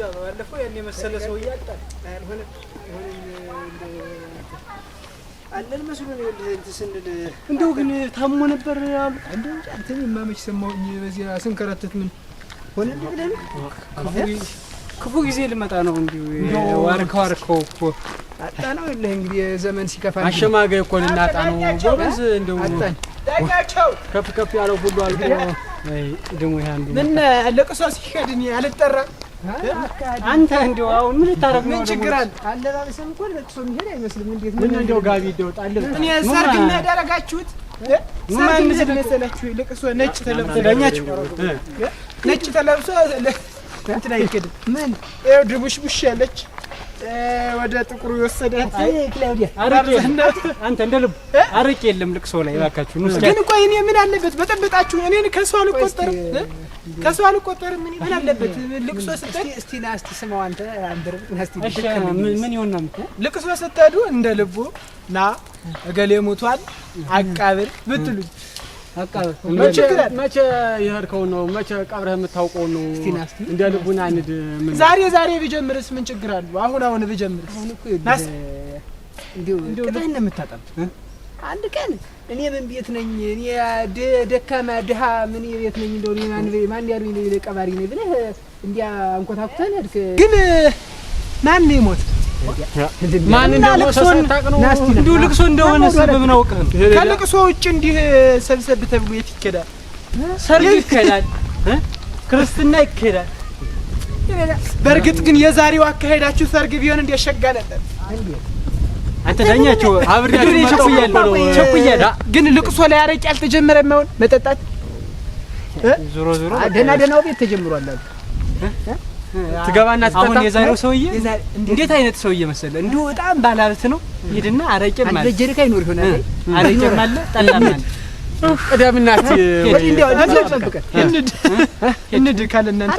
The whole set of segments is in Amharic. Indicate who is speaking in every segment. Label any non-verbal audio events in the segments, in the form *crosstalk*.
Speaker 1: እንደዛ ነው ያለፈው። ያን የመሰለ ሰውዬ አጣን። አልሆነ አለን መስሎን እንትን ስንል እንደው ግን ታሞ ነበር አሉ። እንደው አንተ የማመች ሰማሁኝ በዚህ ስንከረትት ምን ሆነ ብለን ክፉ ጊዜ ልመጣ ነው። እንዲሁ ዋርከው ዋርከው እኮ አጣ ነው የለህ እንግዲህ ዘመን ሲከፋ አሸማጋይ እኮ ልናጣ ነው። ጎበዝ እንደው ከፍ ከፍ ያለው ሁሉ አልቆ ደግሞ ያን ምን ለቅሶ ሲሄድ እኔ አልጠራም አንተ እንደው አሁን ምን ልታረግ ነው? ምን ችግር አለ? አለባበስም እኮ ለቅሶ የሚሄድ አይመስልም። እንዴት ምን እንደው ጋቢ እንደው ጣል እኔ ሰርግ ምን ያደረጋችሁት ምን ምን መሰላችሁ? ለቅሶ ነጭ ተለብሶ ዳኛችሁ ነጭ ተለብሶ እንትን አይከድም። ምን ይኸው ቡሽ ያለች ወደ ጥቁሩ የወሰደህ አንተ እንደ ልቡ አረቄ የለም። ልቅሶ ላይ እባካችሁ ግን እኮ እኔ ምን አለበት በጠበጣችሁ? እኔን ከሰው አልቆጠርም፣ ከሰው አልቆጠርም። እኔ ምን አለበት ልቅሶ ስትሄድ፣ እስቲ ና እስቲ ስማው አንተ ምን ይሆናል? ልቅሶ ስትሄዱ እንደ ልቡ ና እገሌ ሞቷል አቃብር ብትሉኝ መቼ የሄድከውን ነው? መቼ ቀብረህ የምታውቀውን ነው? እንደ ልቡና አንድ ምን ዛሬ ዛሬ ብጀምርስ ምን ችግር አለው? አሁን አሁን ብጀምርስ ነው የምታጠምት። አንድ ቀን እኔ ምን ቤት ነኝ እኔ ደካማ ድሃ ምን ቤት ነኝ እንደው ማን ያሉኝ ቀባሪ ነኝ ብለህ እንዲያ አንኮታኩተን ሄድክ። ግን ማን ነው የሞት ማን እንደሆነ ልቅሶ እንደሆነ በምን አውቀህ ነው? ከልቅሶ ውጭ እንዲህ ሰብሰብ ተብሎ የት ይኬዳል? ሰርግ ይኬዳል፣ ክርስትና ይኬዳል። በእርግጥ ግን የዛሬው አካሄዳችሁ ሰርግ ቢሆን እንደ ሸጋ ነበር። አንተ ዳኛቸው አብሬያችሁ ቸኩያለሁ። ግን ልቅሶ ላይ አረቄ አልተጀመረ የማይሆን መጠጣት ዞሮ ዞሮ ደህና ደህናው ቤት ተጀምሯል አሉ ትገባና አሁን የዛሬው ሰውዬ እንዴት አይነት ሰውዬ መሰለ እንዲሁ በጣም ባለሀብት ነው። ሂድና አረቄም አለ በጀሪካ ይኖር ይሆናል። አረቄም አለ ጠላም አለ። ቅዳምናት እንዴ እንዴ እንዴ ካለ እናንተ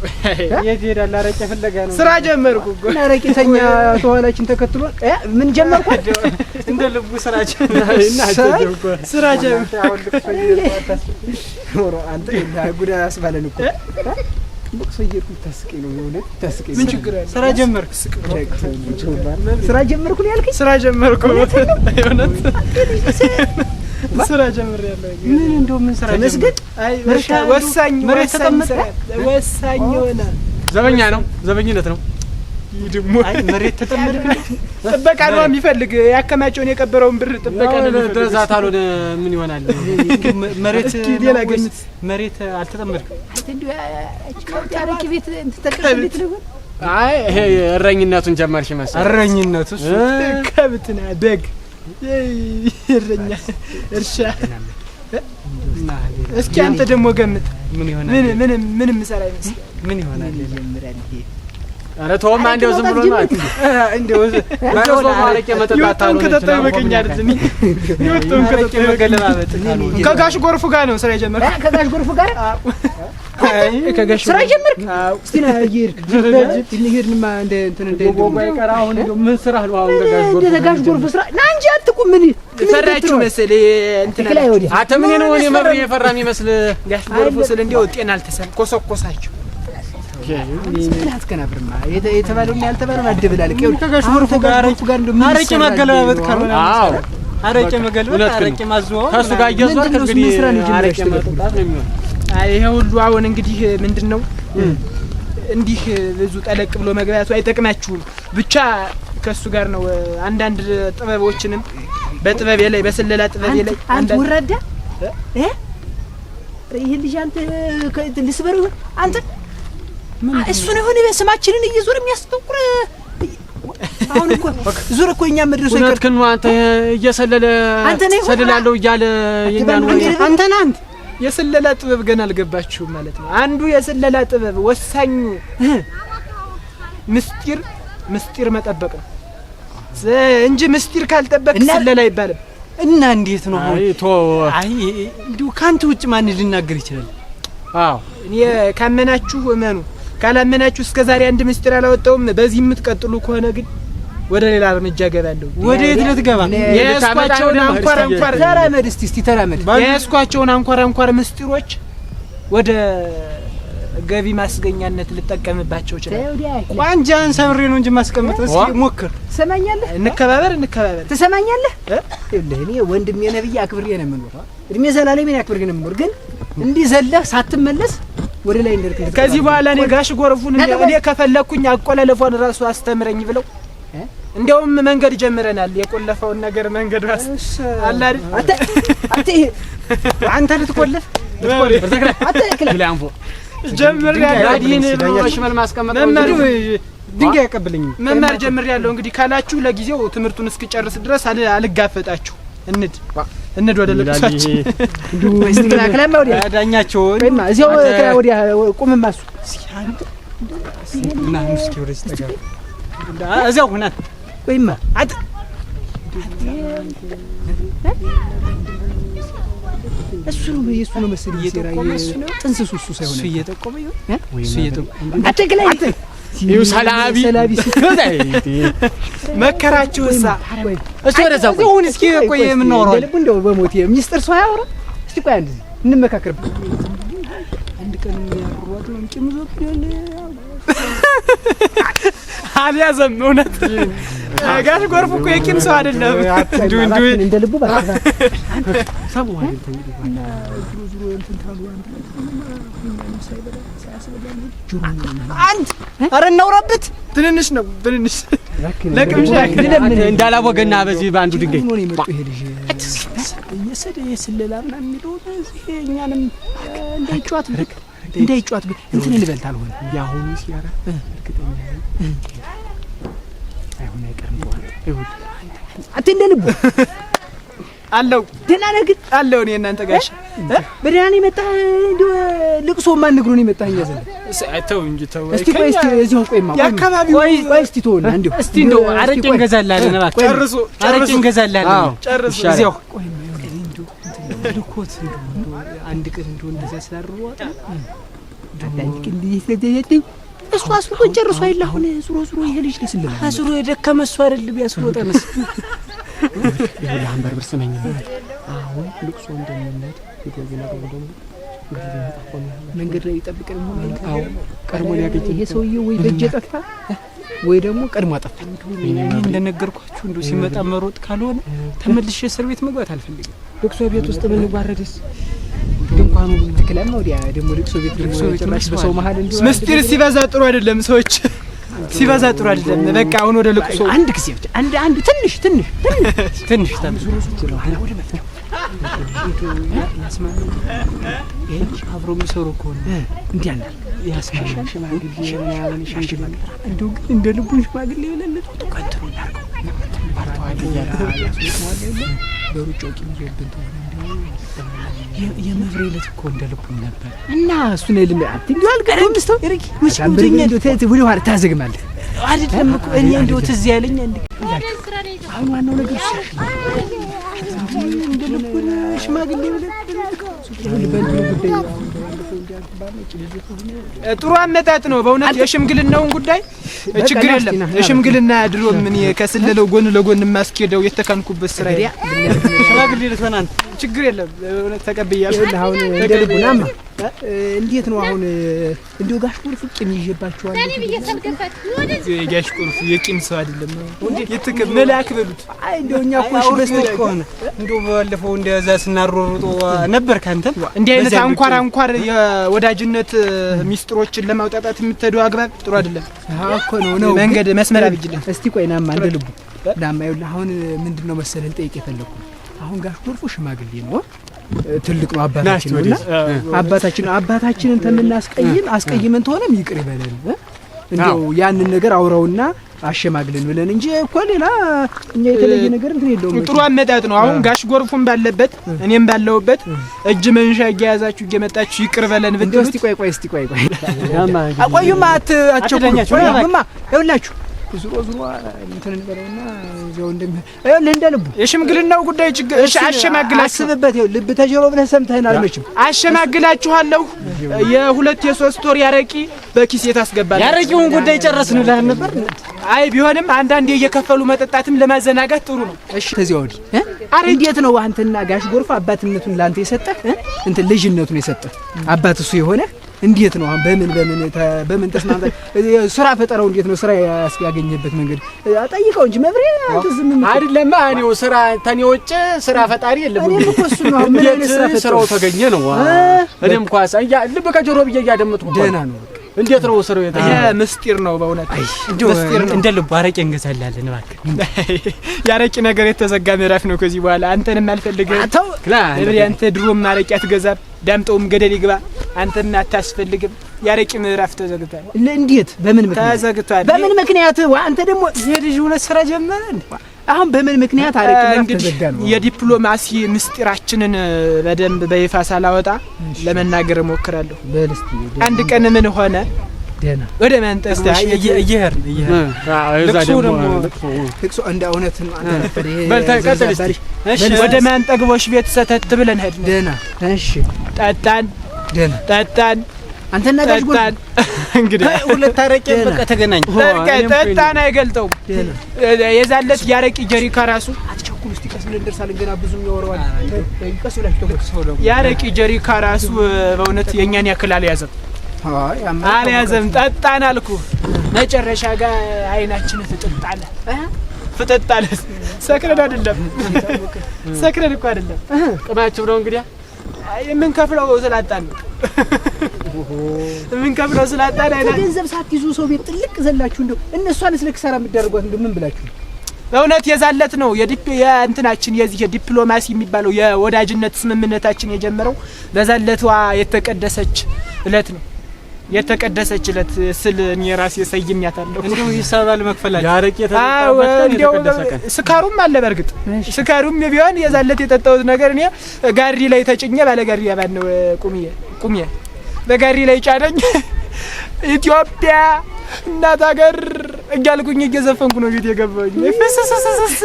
Speaker 1: *laughs* የት ሄዳለህ? አረቄ ፍለጋ ነው። ስራ ጀመርኩ እኮ እና ረቄተኛ ተኋላችን ተከትሎ ምን ጀመርኩ? *laughs* እንደ ልቡ ስራ *laughs* ጀመርኩ። ስራ ጀመርኩ። አንተ ጉድ አስባለን እኮ ቦቅሶ እየሄድኩ ነው የእውነት ስራ ጀመርኩ። ነው ያልከኝ? ስራ ጀምሬያለሁ። ምን እንደው ምን ስራ መስገድ ወሳኝ ወሳኝ ይሆናል። ዘበኛ ነው፣ ዘበኝነት ነው። ደግሞ መሬት ተጠመድክ ጥበቃ ነው የሚፈልግ። ያከማቸውን የቀበረውን ብር ጥበቃ ድረዛት አልሆነ ምን ይሆናል? መሬት ሌላ ገኝት መሬት አልተጠመድክም። ታሪክ ቤት ቤት ነበር። አይ እረኝነቱን ጀመርሽ መሰለኝ። እረኝነቱ ከብትና በግ እረኛ እርሻ። እስኪ አንተ ደግሞ ገምጥ። ምን ይሆናል? ምን ምን ምን ይመስላል? ምን ይሆናል? ኧረ ተውማ፣ እንደው ዝም ብሎ ነው። እንደው እንደው ሰው ማለቅ የመጠጣት አሁን ከተጣ ይበቀኛ አይደል? ይወጣም ከተጣ ይበቀለማበት ከጋሽ ጎርፉ ጋር ነው ስራ የጀመርክ? ከጋሽ ጎርፉ ጋር ከጋሽ ስራ ጀመርክ? እስቲ ና ይርክ ልሄድንማ እንደ እንትን እንደ ምን ስራ ነው አሁን? ከጋሽ ጎርፉ ስራ ምን ፈራችሁ መሰል አንተ ምን ነው የፈራ የሚመስል ጋሽ ጎርፎ ስል ጤና ኮሰኮሳችሁ የተባለውና ያልተባለውን ከጋሽ ጎርፎ ጋር አረቄ ካልሆነ አረቄ መገልበጥ አረቄ ጋር እየዞርክ እንግዲህ ነው ይሄ ሁሉ አሁን እንግዲህ ምንድን ነው እንዲህ ብዙ ጠለቅ ብሎ መግባቱ አይጠቅማችሁም። ብቻ ከእሱ ጋር ነው አንዳንድ ጥበቦችንም በጥበቤ ላይ በስለላ ጥበቤ ላይ አንተ ወረዳ እ ይሄ ልጅ አንተ ልስበር አንተ እሱ ነው የሆነ ስማችንን እየዞር የሚያስተኩር አሁን እኮ ዙር እኮ እኛ መድረሱ ይቀር እውነት ነው። አንተ እየሰለለ ሰልላለሁ እያለ ይናን ወይ አንተ ናንት አንተ የስለላ ጥበብ ገና አልገባችሁም ማለት ነው። አንዱ የስለላ ጥበብ ወሳኙ ምስጢር ምስጢር መጠበቅ ነው። እንጂ ምስጢር ካልጠበቅ ስለላ ይባልም እና እንዴት ነው? አይ ቶ አይ እንዲሁ ካንተ ውጭ ማን ሊናገር ይችላል? አዎ እኔ ካመናችሁ እመኑ፣ ካላመናችሁ እስከ ዛሬ አንድ ምስጢር አላወጣውም። በዚህ የምትቀጥሉ ከሆነ ግን ወደ ሌላ እርምጃ ገባለሁ። ወደ የት ልትገባ? የያዝኳቸውን አንኳር አንኳር ተራመድ፣ እስቲ እስቲ ተራመድ። የያዝኳቸውን አንኳር አንኳር ምስጢሮች ወደ ገቢ ማስገኛነት ልጠቀምባቸው ይችላል። ቋንጃን ሰብሬ ነው እንጂ ማስቀመጥ። እስኪ ሞክር። ትሰማኛለህ? እንከባበር፣ እንከባበር። ትሰማኛለህ? ይኸውልህ እኔ ወንድም የነብይ አክብሬ ነው የምኖር፣ እድሜ ዘላለሜን አክብሬ ነው የምኖር። ግን እንዲህ ዘለህ ሳትመለስ ወደ ላይ እንደርክ። ከዚህ በኋላ እኔ ጋሽ ጎርፉን እኔ ከፈለኩኝ አቆላለፏን ራሱ አስተምረኝ ብለው እንደውም መንገድ ጀምረናል። የቆለፈውን ነገር መንገድ ራስ አለ አይደል? አንተ አንተ ልትቆለፍ ልትቆለፍ አንተ ጀምር ድንጋይ አይቀብልኝም። መማር ጀምር ያለው እንግዲህ ካላችሁ ለጊዜው ትምህርቱን እስክጨርስ ድረስ አልጋፈጣችሁ። እንድ እንድ ወደ ልቅሳችን *laughs* እዚያው እዚያው ወይማ እሱ ነው የእሱ ነው መሰለኝ ሴራ ጥንስሱ እሱ ሳይሆን እሱ እየጠቆመ ይሁን እሱ እየጠቆመ አትግላይ ይኸው ሰላቢ መከራችሁ እሳ እሱ ወደዛ ቆይ እስኪ ቆይ የምናወራው ልቡ እንደው በሞት የሚስጥር ሰው አያወራ እስቲ ቆይ አንድ እንመካከርበት አንድ ቀን ያሯጥ ነው ቂም ያለ አልያዘም እውነት ጋሽ ጎርፍ እኮ የቂም ሰው አይደለም እንደ ልቡ ባታ ሰሙ አይደል? እንግዲህ እና ዙሮ ዙሮ እንትን ታሉ አንድ አንድ ኧረ እናውራበት። ትንንሽ ነው ትንንሽ ለቅምሻ እንዳላወገና በዚህ በአንዱ ድንጋይ ነው የመጡ ይሄ ልጅ የሰደ የስለላ ምናምን የሚለው እዚህ እኛንም እንዳይጫወት ብቅ እንዳይጫወት ብቅ እንትን እንበልት አልሆነ ያሁኑ ሲያራ እርግጠኛ አይሁን አይቀርም በኋላ አይሁን አትንደንብ አለው ደህና ነህ ግን? አለው እኔ እናንተ ጋሽ በደህና ነው የመጣህ? እንደው ልቅሶ ማን ንግሩ ነው የመጣህ? እኛ ዘንድ ተው እንጂ ተው። እስቲ ቆይ እስቲ እዚሁ ቆይማ ያካባቢው ቆይ እስቲ ተውና እንደው እስቲ እንደው አረቄ እንገዛልሃለን እባክህ። ጨርሱ አረቄ እንገዛልሃለን። ጨርሱ እዚያው ቆይማ እንደው ልኮት እንደው አንድ ቀን እንደው እንደዛ ስላርዋጣ አንዳንድ ቀን ይሰደየኝ እሱ አስሮጦን ጨርሶ አይደል? አሁን ዙሮ ዙሮ ይሄ ልጅ ለስልም አዙሮ የደከመ እሱ አይደል ቢያስሮጠንስ ይሁን አንበር ብር ስመኝ አሁን ልቅሶ እንደምነት ይጎዝና ደግሞ ደግሞ መንገድ ላይ ይጠብቀን ይሆናል። ቀድሞ ሊያገኝ ይሄ ሰውዬው ወይ በእጅ ጠፋ ወይ ደግሞ ቀድሞ አጠፋኝ። እኔ እንደነገርኳችሁ እንዶ ሲመጣ መሮጥ ካልሆነ ተመልሼ እስር ቤት መግባት አልፈልግም። ልቅሶ ቤት ውስጥ ብንዋረድስ ድንኳኑ ትክለም ወዲያ ደግሞ ልቅሶ ቤት ደግሞ ጭራሽ በሰው መሀል እንዲ ምስጢር ሲበዛ ጥሩ አይደለም ሰዎች ሲበዛ ጥሩ አይደለም። በቃ አሁን ወደ ልቁ ሰው አንድ ጊዜ ብቻ አንድ አንድ ትንሽ ትንሽ ትንሽ አብሮ የሚሰሩ ከሆነ እንዲህ አለ ሽማግሌ ሽማግሌ እንደ ልቡን ሽማግሌ የሌለ ቀጥሮ እናርገው በሩጮ የመብሬ ዕለት እኮ እንደ ልቡም ነበር እና እሱን ልም እንዲ አልቀረምስተው ሪኪ ወደ ኋላ ታዘግማለህ አይደለም እኮ እኔ እንዲ ትዝ ያለኝ አሁን ዋናው ነገር እንደ ልቡን ሽማግሌ ብለን በንትኑ ጉዳይ ጥሩ አመጣጥ ነው በእውነት የሽምግልናውን ጉዳይ ችግር የለም። የሽምግልና ድሮ ምን ከስለለው ጎን ለጎን የማስኬደው የተካንኩበት ስራ ሽማግሌ ችግር የለም። ተቀብያለሁ። እንዴት ነው አሁን? እንዲሁ ጋሽ ቁልፍ ቂም ይዤባቸዋል። የጋሽ ቁልፍ የቂም ሰው አይደለም። መልአክ በሉት። እንደው እኛ እኮ እሺ በስተት ከሆነ እንደው ባለፈው እንደዛ ስናሮርጦ ነበር። ከአንተም እንዲህ አይነት አንኳር አንኳር የወዳጅነት ሚስጥሮችን ለማውጣጣት የምትሄደው አግባብ ጥሩ አይደለም እኮ ነው ነው መንገድ መስመር አብጅልን እስቲ ቆይ ናማ እንደ ልቡ ናማ። ይኸውልህ አሁን ምንድን ነው መሰለህ ልጠይቅ የፈለኩ አሁን ጋሽ ቁልፉ ሽማግሌ ነው ትልቅ ነው አባታችን ነውና አባታችን አባታችንን ተምናስቀይም አስቀይመን ተሆነም ይቅር ይበለን። እንደው ያንን ነገር አውራውና አሸማግልን ብለን እንጂ እኮ ሌላ እኛ የተለየ ነገር እንትን የለውም። ጥሩ አመጣጥ ነው። አሁን ጋሽ ጎርፉን ባለበት እኔም ባለውበት እጅ መንሻ እየያዛችሁ እየመጣችሁ ይቅር በለን ብትሉት እስቲ ቆይ ቆይ እስቲ ቆይ ቆይ አቆዩማ አት ማ ይኸውላችሁ ዙሮ ዙሮ እንትን እንበለውና እዚያው እንደሚሆን እንደ ልቡ የሽምግልናው ጉዳይ ችግር። እሺ አስብበት። ይኸውልህ፣ ልብ ተጀሮ ብለህ ሰምተህን አልመችም። አሸማግላችኋለሁ። የሁለት የሶስት ወር ያረቂ በኪስ የታስገባል። ያረቂውን ጉዳይ ጨረስን ብለህ ነበር። አይ ቢሆንም አንዳንዴ እየከፈሉ መጠጣትም ለማዘናጋት ጥሩ ነው። እሺ ተዚያ ወዲህ አረ እንዴት ነው አንተና ጋሽ ጎርፍ አባትነቱን ለአንተ የሰጠህ እንትን ልጅነቱን የሰጠህ አባት እሱ የሆነ እንዴት ነው? አሁን በምን በምን በምን ተስማምታ ስራ ፈጠረው? እንዴት ነው? ስራ ያገኘበት መንገድ ጠይቀው እንጂ መብሬ አንተ ዝም ምን አይደለም። እኔው ስራ ተኔ ወጭ ስራ ፈጣሪ የለም። እኔ እኮ እሱ ነው። ምን ስራ ስራው ተገኘ ነው? እኔም ኳስ አያ ልብ ከጆሮ ብዬ እያደመጥኩ ደህና ነው። እንዴት ነው ስራው? የታ ምስጢር ነው በእውነት ምስጢር ነው። እንደ ልቡ አረቄ እንገዛላለን። እባክህ የአረቄ ነገር የተዘጋ ምዕራፍ ነው። ከዚህ በኋላ አንተንም አልፈልግም። ተው፣ አንተ ድሮም አረቄ አትገዛም። ዳምጠውም ገደል ይግባ አንተም አታስፈልግም። ያረቂ ምዕራፍ ተዘግቷል። እንዴት? በምን ምክንያት ተዘግቷል? በምን ምክንያት? አንተ ደግሞ የልጅ ሁነት ስራ ጀመረ። አሁን በምን ምክንያት አረቂ ምዕራፍ ነው? የዲፕሎማሲ ምስጢራችንን በደንብ በይፋ ሳላወጣ ለመናገር እሞክራለሁ። አንድ ቀን ምን ሆነ? ወደ እንደ መንጠስታ ነው። ወደ ማንጠግቦሽ ቤት ሰተት ብለን ሄድን። ጠጣን ደህና ጠጣን። አንተና ጋሽ ጎን *laughs* እንግዲህ ሁለት አረቄ በቃ ተገናኝ። ጠጣን አይገልጠውም። የዛለት ያረቂ ጀሪካ ራሱ አትቸኩል፣ እስቲ ቀስ ብለን ደርሳለን። ገና ብዙ የሚያወራዋል። ቀስ ብላችሁ ያረቂ ጀሪካ ራሱ በእውነት የእኛን ያክል አልያዘም፣ አልያዘም። ጠጣን አልኩ። መጨረሻ ጋር አይናችን ፍጥጥ አለ፣ ሰክረን አይደለም፣ ሰክረን እኮ አይደለም። ቅማችሁ ነው እንግዲያ የምንከፍለው ስላጣን ነው። የምንከፍለው ስላጣን አይና ገንዘብ ሳትይዙ ሰው ቤት ጥልቅ ዘላችሁ እንደው እነሷንስ እንደው ምን ብላችሁ በእውነት የዛለት ነው የእንትናችን የዚህ የዲፕሎማሲ የሚባለው የወዳጅነት ስምምነታችን የጀመረው በዛለቷ የተቀደሰች እለት ነው። የተቀደሰች ዕለት ስል እኔ ራሴ ሰይም ያታለሁ። እንዲሁ ይሳባል መክፈላል ያረቄ ተጠጣው ስካሩም አለ። በርግጥ ስካሩም ቢሆን የዛለት የጠጣሁት ነገር እኔ ጋሪ ላይ ተጭኜ ባለ ጋሪ ያባል ነው ቁምዬ ቁምዬ በጋሪ ላይ ጫነኝ። *laughs* ኢትዮጵያ እናት ሀገር እያልኩኝ እየዘፈንኩ ነው ቤት የገባኝ። ፍስስስስስ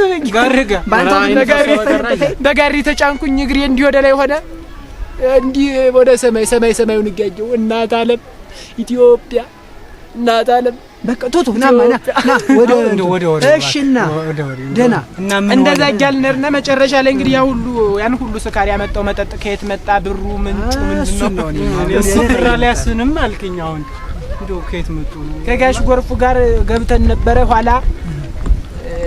Speaker 1: በጋሪ ተጫንኩኝ። እግሬ እንዲህ ወደ ላይ ሆነ እንዲህ ወደ ሰማይ ሰማይ ሰማዩን እያየው እናት ዓለም ኢትዮጵያ እናት ዓለም በቃ ቶቶ ና ና እንደዛ እያልን መጨረሻ ላይ እንግዲህ ያ ሁሉ ያን ሁሉ ስካር ያመጣው መጠጥ ከየት መጣ? ብሩ ምንጩ ምንድን ብራ ላይ ያስንም አልከኝ። አሁን እንደው ከየት መጡ ከጋሽ ጎርፉ ጋር ገብተን ነበረ ኋላ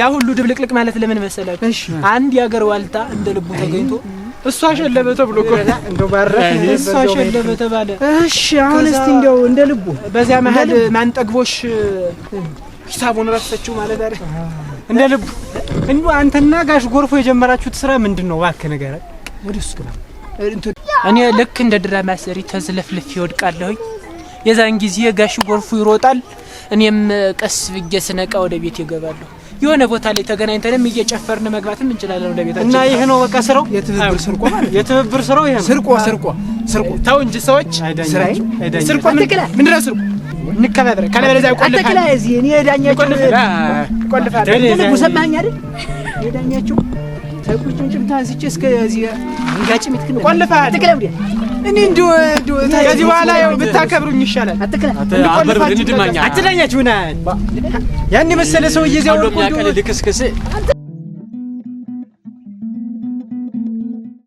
Speaker 1: ያ ሁሉ ድብልቅልቅ ማለት ለምን መሰላችሁ? አንድ የአገር ዋልታ እንደ ልቡ ተገኝቶ እሷ ሸለበ ተብሎ እኮ እሷ ሸለበ ተባለ። እሺ አሁን እስቲ እንደው እንደ ልቡ በዚያ መሀል ማንጠግቦሽ ሂሳቡን ረሰችው ማለት አይደል? እንደ ልቡ እንዱ አንተና ጋሽ ጎርፎ የጀመራችሁት ስራ ምንድን ነው? እባክህ ንገረን። ወደ እሱ ግባ። እኔ ልክ እንደ ድራማ ሰሪ ተዝለፍልፍ ይወድቃለሁኝ። የዛን ጊዜ ጋሽ ጎርፉ ይሮጣል፣ እኔም ቀስ ብዬ ስነቃ ወደ ቤት ይገባለሁ። የሆነ ቦታ ላይ ተገናኝተንም እየጨፈርን መግባትም እንችላለን ወደ ቤታችን። እና ይሄ ነው በቃ ስራው፣ የትብብር ስርቆ ማለት የትብብር ስራው ይሄ ነው። ስርቆ ስርቆ ስርቆ ተው እንጂ ሰዎች ስራይ ስርቆ ምንድን ነው ስርቆ? እንከባበር፣ ካለበለዚያ ቆልፋ አትክላ እዚህ እኔ ቆልፋ ይቆልፋል። ደግሞ ሰማኸኝ አይደል? የዳኛቸው ተቁጭም ጭምታ አንስቼ እስከ እዚህ እንጋጭም ይትክል ቆልፋል። አትክላ ወዲያ እኔ እንደው እንደው ከዚህ በኋላ ያው ብታከብሩኝ ይሻላል። አትክለ አትለኛችሁና ያን መሰለ ሰውዬ እዚያ ወርቁ